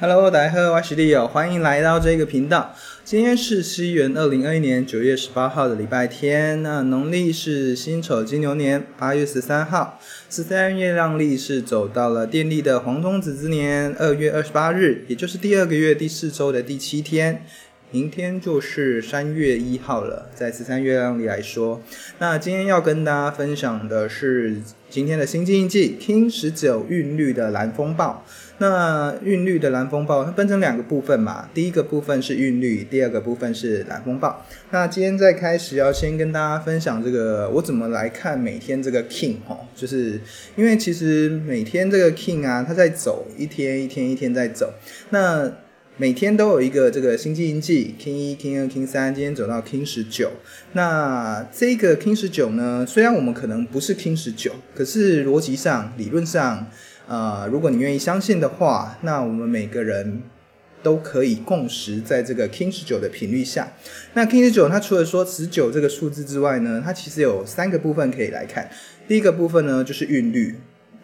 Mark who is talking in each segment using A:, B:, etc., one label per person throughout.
A: Hello，大家好，我是 Leo，歡迎來到這個頻道。今天是西元二零二一年九月十八號的禮拜天，那農曆是辛丑金牛年八月十三號，十三月亮曆是走到了電力的黃種子之年二月二十八日，也就是第二個月第四周的第七天。明天就是三月一號了，在十三月亮裡來說，那今天要跟大家分享的是今天的星系印記，KIN 十九，韻律的藍風暴。那韻律的藍風暴，它分成兩個部分嘛，第一個部分是韻律，第二個部分是藍風暴。那今天在開始要先跟大家分享這個，我怎麼來看每天這個 KIN 哦，就是因為其實每天這個 KIN 啊，它在走，一天一天一天，一天在走，那。每天都有一個這個星際印記 KIN 一、KIN 二、KIN 三，今天走到 KIN 十九。那這個 KIN 十九呢，雖然我們可能不是 KIN 十九，可是邏輯上、理論上，呃，如果你願意相信的話，那我們每個人都可以共識在這個 KIN 十九的頻率下。那 KIN 十九，它除了說十九這個數字之外呢，它其實有三個部分可以來看。第一個部分呢，就是韻律。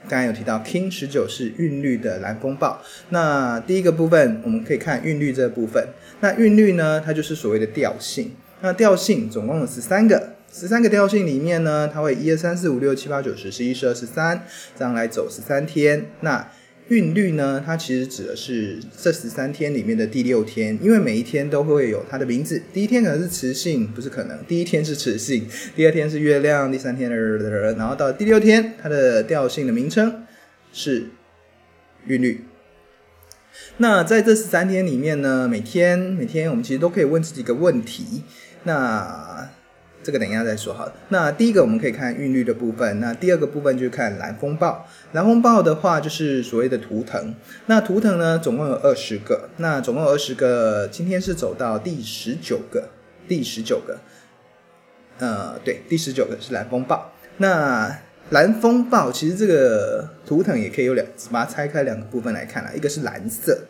A: 剛剛有提到，KIN 十九是韻律的藍風暴。那第一個部分，我們可以看韻律這個部分。那韻律呢，它就是所謂的調性。那調性總共有十三個，十三個調性裡面呢，它會一二三四五六七八九十十一十二十三這樣來走十三天。那韻律呢，它其實指的是這十三天裡面的第六天，因為每一天都會有它的名字。第一天可能是磁性，不是可能，第一天是磁性，第二天是月亮，第三天的，然後到第六天，它的調性的名稱是韻律。那在這十三天裡面呢，每天每天我們其實都可以問自己一個問題，那，這個等一下再說哈。那第一個我們可以看韻律的部分，那第二個部分就是看藍風暴。藍風暴的話就是所謂的圖騰。那圖騰呢，總共有二十個。那總共有二十個，今天是走到第十九個。第十九個，呃，對，第十九個是藍風暴。那藍風暴其實這個圖騰也可以有兩，把它拆開兩個部分來看啦。一個是藍色，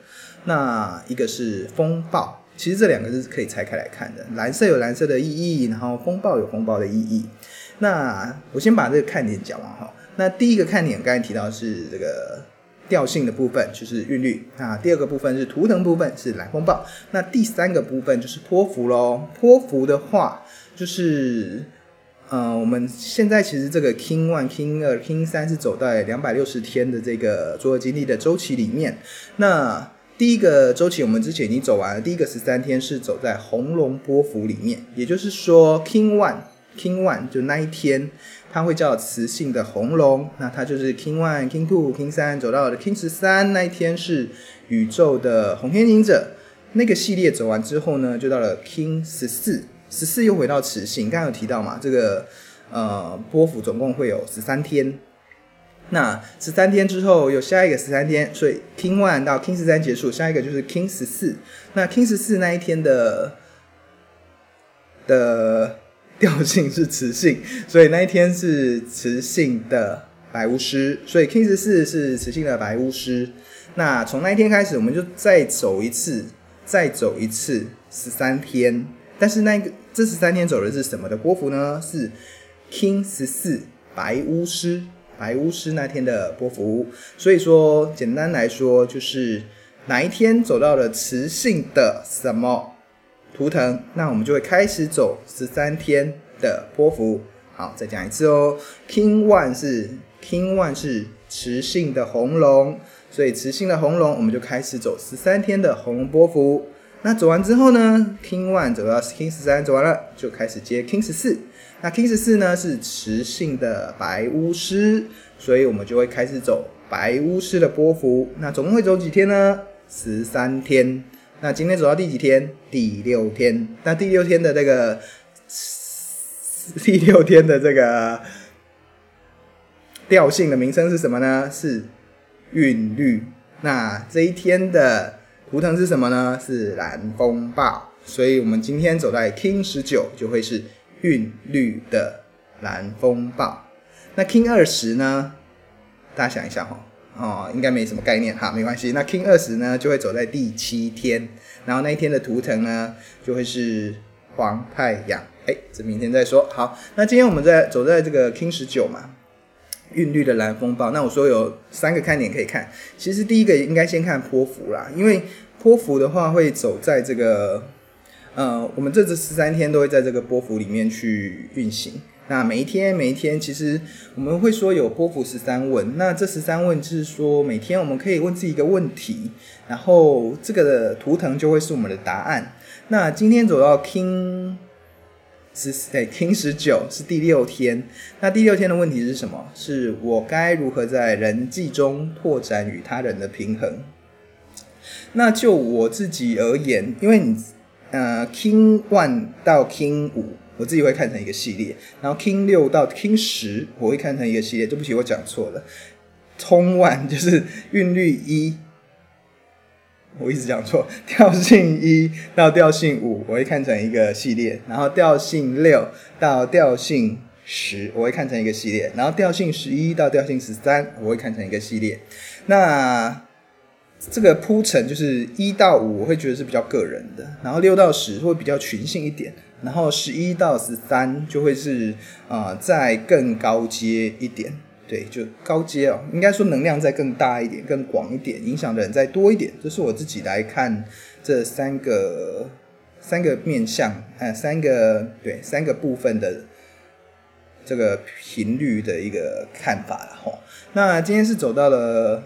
A: 那一個是風暴。其實這兩個是可以拆開來看的，藍色有藍色的意義，然後風暴有風暴的意義。那我先把這個看點講完哈。那第一個看點剛才提到是這個調性的部分，就是韻律。那第二個部分是圖騰部分，是藍風暴。那第三個部分就是波幅嘍。波幅的話，就是嗯、呃，我們現在其實這個 Kin one、Kin 二、Kin 三是走在兩百六十天的這個座落經歷的週期裡面。那第一個周期我們之前已經走完了，第一個十三天是走在紅龍波符裡面，也就是說 KIN One KIN One 就那一天，它會叫磁性的紅龍，那它就是 KIN One KIN Two KIN 三，走到了 KIN 十三，那一天是宇宙的紅天行者，那個系列走完之後呢，就到了 KIN 十四，十四又回到磁性，剛才有提到嘛，這個呃波符總共會有十三天。那十三天之後有下一個十三天，所以 KIN One 到 KIN 十三結束，下一個就是 KIN 十四。那 KIN 十四那一天的的調性是磁性，所以那一天是磁性的白巫師。所以 KIN 十四是磁性的白巫師。那從那一天開始，我們就再走一次，再走一次十三天。但是那個這十三天走的是什麼的波符呢？是 KIN 十四白巫師。白巫師那天的波符，所以說簡單來說就是哪一天走到了磁性的什麼圖騰，那我們就會開始走十三天的波符。好，再講一次哦，KIN One 是 KIN One 是磁性的紅龍，所以磁性的紅龍我們就開始走十三天的紅龍波符。那走完之後呢，KIN One 走到 KIN 十三走完了，就開始接 KIN 十四。那 KIN 十四呢，是磁性的白巫師，所以我們就會開始走白巫師的波符。那總共會走幾天呢？十三天。那今天走到第幾天？第六天。那第六天的這個第六天的這個調性的名稱是什麼呢？是韻律。那這一天的圖騰是什麼呢？是藍風暴。所以我們今天走在 KIN 十九，就會是。韻律的藍風暴，那 KIN 二十呢？大家想一下哈，哦，應該沒什麼概念哈，沒關係。那 KIN 二十呢，就會走在第七天，然後那一天的圖騰呢，就會是黃太陽。哎、欸，這明天再說。好，那今天我們在走在這個 KIN 十九嘛，韻律的藍風暴。那我說有三個看點可以看，其實第一個應該先看波符啦，因為波符的話會走在這個。呃，我們這這十三天都會在這個波幅裡面去運行。那每一天，每一天，其實我們會說有波幅十三問。那這十三問就是說，每天我們可以問自己一個問題，然後這個的圖騰就會是我們的答案。那今天走到 KIN 十，對、欸、KIN 十九是第六天。那第六天的問題是什麼？是我該如何在人際中拓展與他人的平衡？那就我自己而言，因為你。呃，King One 到 King 五，我自己會看成一個系列。然後 King 六到 King 十，我會看成一個系列。對不起，我講錯了。通 One 就是韻律一，我一直講錯。調性一到調性五，我會看成一個系列。然後調性六到調性十，我會看成一個系列。然後調性十一到調性十三，我會看成一個系列。那。這個鋪陳就是一到五，我會覺得是比較個人的，然後六到十會比較群性一點，然後十一到十三就會是啊、呃，再更高階一點，對，就高階哦，應該說能量再更大一點，更廣一點，影響的人再多一點，這是我自己來看這三個三個面向，還有三個對三個部分的這個頻率的一個看法吼、哦，那今天是走到了。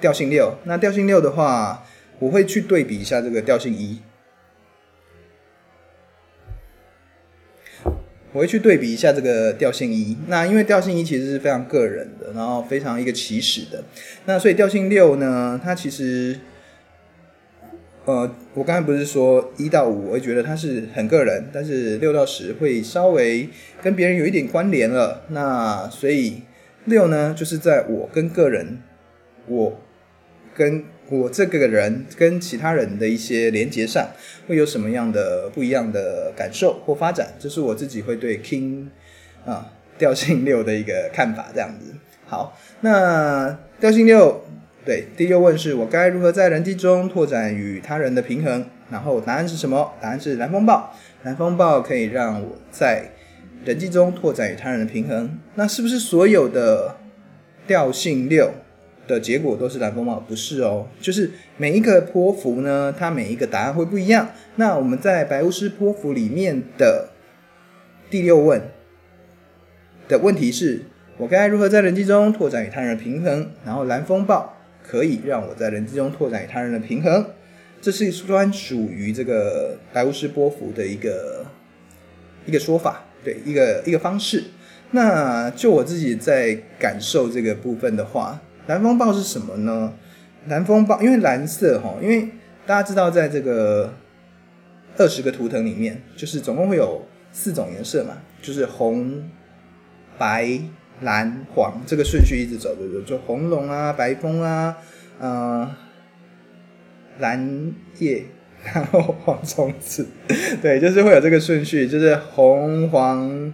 A: 調性六，那調性六的話，我會去對比一下這個調性一，我會去對比一下這個調性一。那因為調性一其實是非常個人的，然後非常一個起始的，那所以調性六呢，它其實，呃，我剛才不是說一到五，我覺得它是很個人，但是六到十會稍微跟別人有一點關聯了。那所以六呢，就是在我跟個人，我。跟我這個人跟其他人的一些連接上，會有什麼樣的不一樣的感受或發展？這是我自己會對 KIN 啊、呃、調性六的一個看法，這樣子。好，那調性六對第六問是我該如何在人際中拓展與他人的平衡？然後答案是什麼？答案是藍風暴。藍風暴可以讓我在人際中拓展與他人的平衡。那是不是所有的調性六？的結果都是藍風暴，不是哦。就是每一個波符呢，它每一個答案會不一樣。那我們在白巫師波符裡面的第六問的問題是：我該如何在人際中拓展與他人的平衡？然後藍風暴可以讓我在人際中拓展與他人的平衡。這是專屬於這個白巫師波符的一個一個說法，對，一個一個方式。那就我自己在感受這個部分的話。藍風暴是什麼呢？藍風暴，因為藍色哈，因為大家知道，在這個二十個圖騰裡面，就是總共會有四種顏色嘛，就是紅、白、藍、黃這個順序一直走，對不對？就紅龍啊，白風啊，嗯、呃，藍夜，然後黃種子，對，就是會有這個順序，就是紅黃。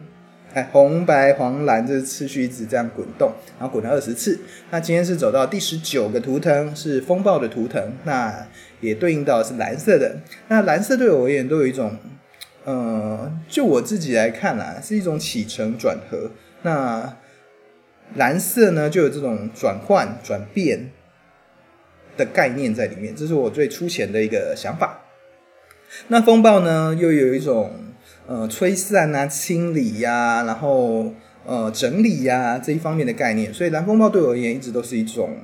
A: 哎，紅、白、黃、藍，這次序一直這樣滾動，然後滾了二十次。那今天是走到第十九個圖騰，是風暴的圖騰，那也對應到的是藍色的。那藍色對我而言都有一種，嗯，呃，就我自己來看啦，啊，是一種起承轉合。那藍色呢，就有這種轉換、轉變的概念在裡面，這是我最粗淺的一個想法。那風暴呢，又有一種。呃，吹散啊，清理呀、啊，然後呃，整理呀、啊，這一方面的概念。所以藍風暴對我而言一直都是一種，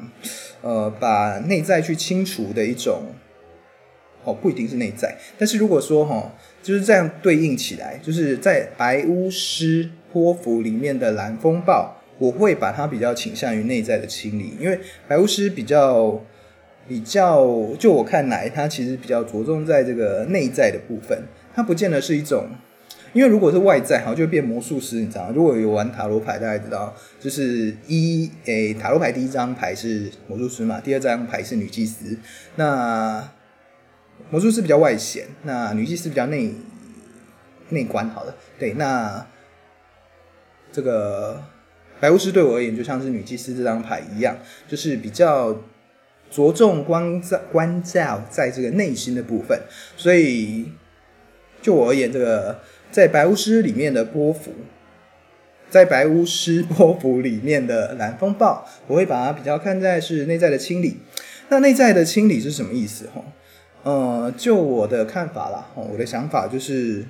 A: 呃，把內在去清除的一種。哦，不一定是內在，但是如果說哦，就是這樣對應起來，就是在白巫師波符裡面的藍風暴，我會把它比較傾向於內在的清理，因為白巫師比較比較，就我看來，它其實比較着重在這個內在的部分，它不見得是一種。因為如果是外在哈，好，就會變魔術師，你知道嗎？如果有玩塔羅牌，大家知道，就是一誒、欸，塔羅牌第一張牌是魔術師嘛，第二張牌是女祭司。那魔術師比較外顯，那女祭司比較內內觀。好的，對，那這個白巫師對我而言，就像是女祭司這張牌一樣，就是比較着重關照關照在這個內心的部分。所以，就我而言，這個。在白巫師裡面的波符，在白巫師波符裡面的藍風暴，我會把它比較看在是內在的清理。那內在的清理是什麼意思？哈，呃，就我的看法啦，我的想法就是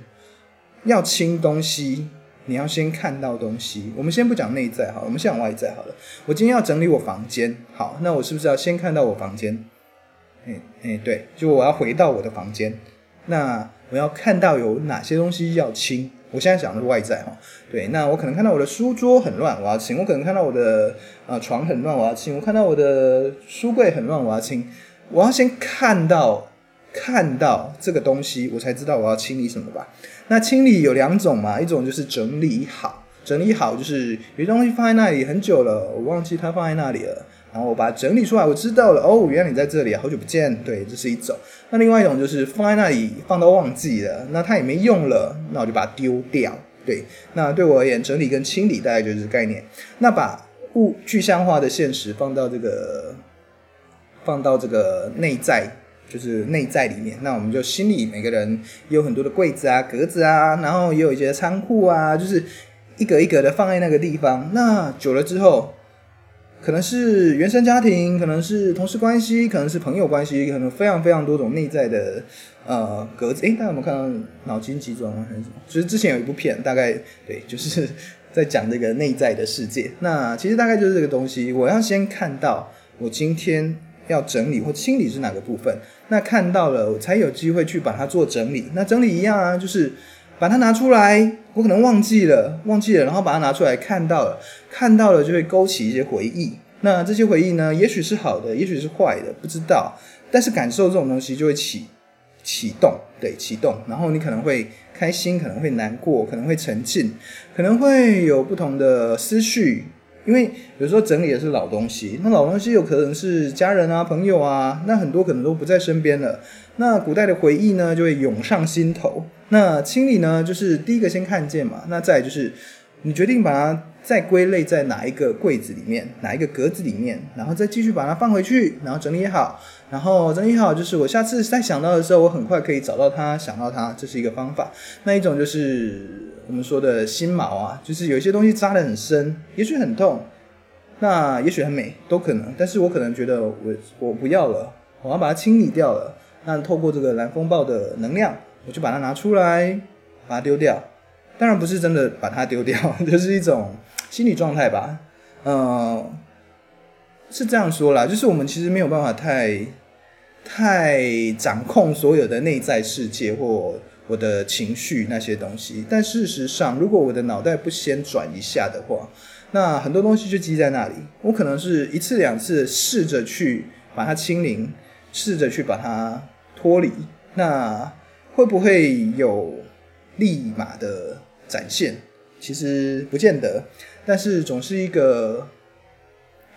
A: 要清東西，你要先看到東西。我們先不講內在哈，我們先講外在好了。我今天要整理我房間，好，那我是不是要先看到我房間？哎、欸、哎、欸，對，就我要回到我的房間，那。我要看到有哪些東西要清，我現在講的是外在哈、喔。對，那我可能看到我的書桌很亂，我要清；我可能看到我的啊、呃、床很亂，我要清；我看到我的書櫃很亂，我要清。我要先看到看到這個東西，我才知道我要清理什麼吧。那清理有兩種嘛，一種就是整理好，整理好就是有些東西放在那裡很久了，我忘記它放在那裡了。然後我把它整理出來，我知道了。哦，原來你在這裡，好久不見。對，這是一種。那另外一種就是放在那裡，放到忘記了，那它也沒用了，那我就把它丟掉。對，那對我而言，整理跟清理大概就是概念。那把物具象化的現實放到這個，放到這個內在，就是內在裡面。那我們就心裡每個人也有很多的櫃子啊、格子啊，然後也有一些倉庫啊，就是一格一格的放在那個地方。那久了之後。可能是原生家庭，可能是同事關係，可能是朋友關係，可能非常非常多種內在的呃格子。哎、欸，大家有沒有看到腦筋急轉彎？就是之前有一部片，大概對，就是在講這個內在的世界。那其實大概就是這個東西。我要先看到我今天要整理或清理是哪個部分，那看到了我才有機會去把它做整理。那整理一樣啊，就是。把它拿出來，我可能忘記了，忘記了，然後把它拿出來，看到了，看到了，就會勾起一些回憶。那這些回憶呢，也許是好的，也許是壞的，不知道。但是感受這種東西就會啟啟動，對，啟動。然後你可能會開心，可能會難過，可能會沉浸，可能會有不同的思緒。因為有時候整理的是老東西，那老東西有可能是家人啊、朋友啊，那很多可能都不在身邊了。那古代的回憶呢，就會湧上心頭。那清理呢，就是第一個先看見嘛，那再就是你決定把它再歸類在哪一個櫃子裡面、哪一個格子裡面，然後再繼續把它放回去，然後整理好。然後整理好就是我下次再想到的時候，我很快可以找到它，想到它，這是一個方法。那一種就是，我們說的心錨啊，就是有一些東西扎得很深，也許很痛，那也許很美，都可能。但是我可能覺得我我不要了，我要把它清理掉了。那透過這個藍風暴的能量，我就把它拿出來，把它丟掉。當然不是真的把它丟掉，就是一種心理狀態吧。嗯，是這樣說啦，就是我們其實沒有辦法太太掌控所有的內在世界或。我的情緒那些東西，但事實上，如果我的腦袋不先轉一下的話，那很多東西就積在那裡。我可能是一次兩次試着去把它清零，試着去把它脫離，那會不會有立馬的展現？其實不見得，但是總是一個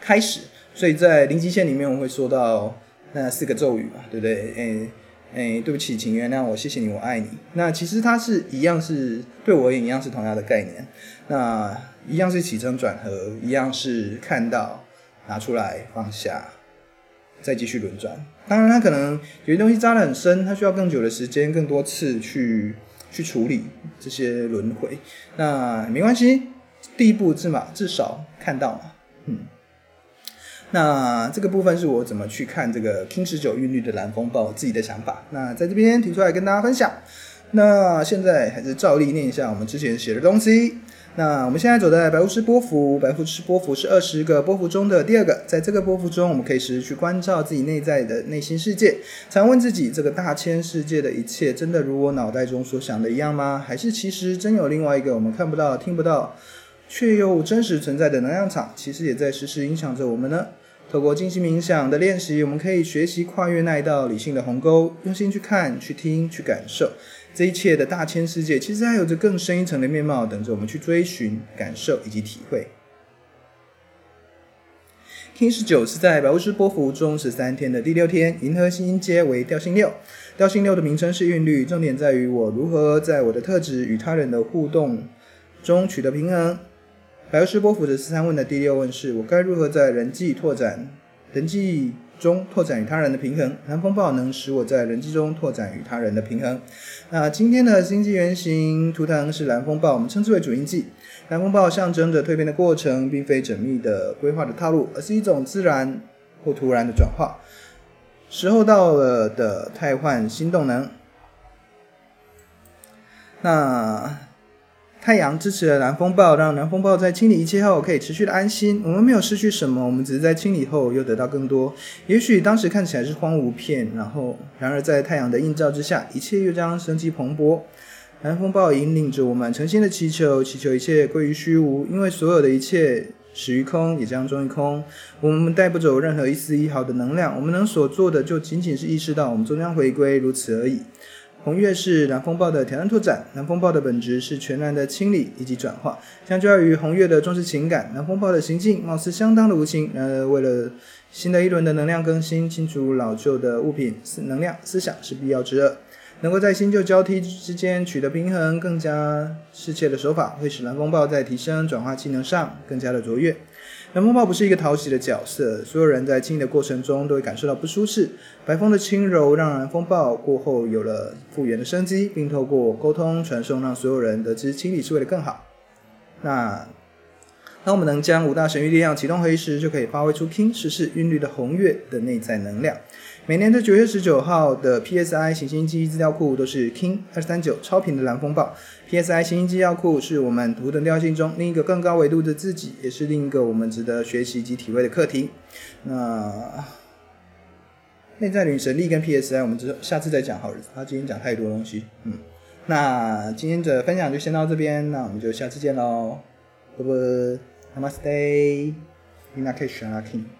A: 開始。所以在零極限裡面，我會說到那四個咒語嘛，對不對？誒。哎、欸，對不起，請原諒我，謝謝你，我愛你。那其實它是一樣是，是對我也一樣是同樣的概念。那一樣是起承轉合，一樣是看到，拿出來，放下，再繼續輪轉。當然，它可能有些東西扎得很深，它需要更久的時間，更多次去去處理這些輪回。那沒關係，第一步是嘛，至少看到嘛，嗯。那這個部分是我怎麼去看這個 KIN 十九韻律的藍風暴自己的想法。那在這邊提出來跟大家分享。那現在還是照例念一下我們之前寫的東西。那我們現在走在白巫師波符，白巫師波符是二十個波符中的第二個。在這個波符中，我們可以時時去關照自己內在的內心世界，常問自己：這個大千世界的一切，真的如我腦袋中所想的一樣嗎？還是其實真有另外一個我們看不到、聽不到，卻又真實存在的能量場，其實也在時時影響着我們呢？透過靜心冥想的練習，我們可以學習跨越那一道理性的鴻溝，用心去看、去聽、去感受這一切的大千世界。其實還有着更深一層的面貌等着我們去追尋、感受以及體會。KIN 19是在白巫師波符中十三天的第六天，銀河星星階為調性六，調性六的名稱是韻律，重點在於我如何在我的特質與他人的互動中取得平衡。白巫師波符的十三問的第六問是：我該如何在人際拓展人際中拓展與他人的平衡？藍風暴能使我在人際中拓展與他人的平衡。那今天的星際原型圖騰是藍風暴，我們稱之為主印記。藍風暴象徵着蛻變的過程，並非縝密的規劃的套路，而是一種自然或突然的轉化。時候到了的汰換新動能，那。太陽支持了藍風暴，讓藍風暴在清理一切後可以持續的安心。我們沒有失去什麼，我們只是在清理後又得到更多。也許當時看起來是荒蕪一片，然後然而在太陽的映照之下，一切又將生機蓬勃。藍風暴引領着我們誠心的祈求，祈求一切歸於虛無，因為所有的一切始於空，也將終於空。我們帶不走任何一絲一毫的能量，我們能所做的就僅僅是意識到我們終將回歸，如此而已。紅月是藍風暴的挑戰拓展，藍風暴的本質是全然的清理以及轉化。相較於紅月的重視情感，藍風暴的行徑貌似相當的無情。然而為了新的一輪的能量更新，清除老舊的物品思能量思想是必要之二，能夠在新舊交替之間取得平衡，更加適切的手法會使藍風暴在提升轉化技能上更加的卓越。藍風暴不是一個討喜的角色，所有人在清理的過程中都會感受到不舒適。白風的輕柔讓藍風暴過後有了復原的生機，並透過溝通傳送讓所有人得知清理是為了更好。那，當我們能將五大神域力量啟動合一時，就可以發揮出 King 十四韻律的紅月的內在能量。每年的九月十九號的 PSI 行星記憶資料庫都是 King 二三九超頻的藍風暴。P.S.I 新星紀要庫是我們讀的調性中另一個更高維度的自己，也是另一個我們值得學習及體會的課題。那內在女神力跟 P.S.I，我們之後下次再講。好了。他今天講太多東西。嗯，那今天的分享就先到這邊，那我們就下次見嘍，拜拜，Namaste，In Lak'ech Ala K'in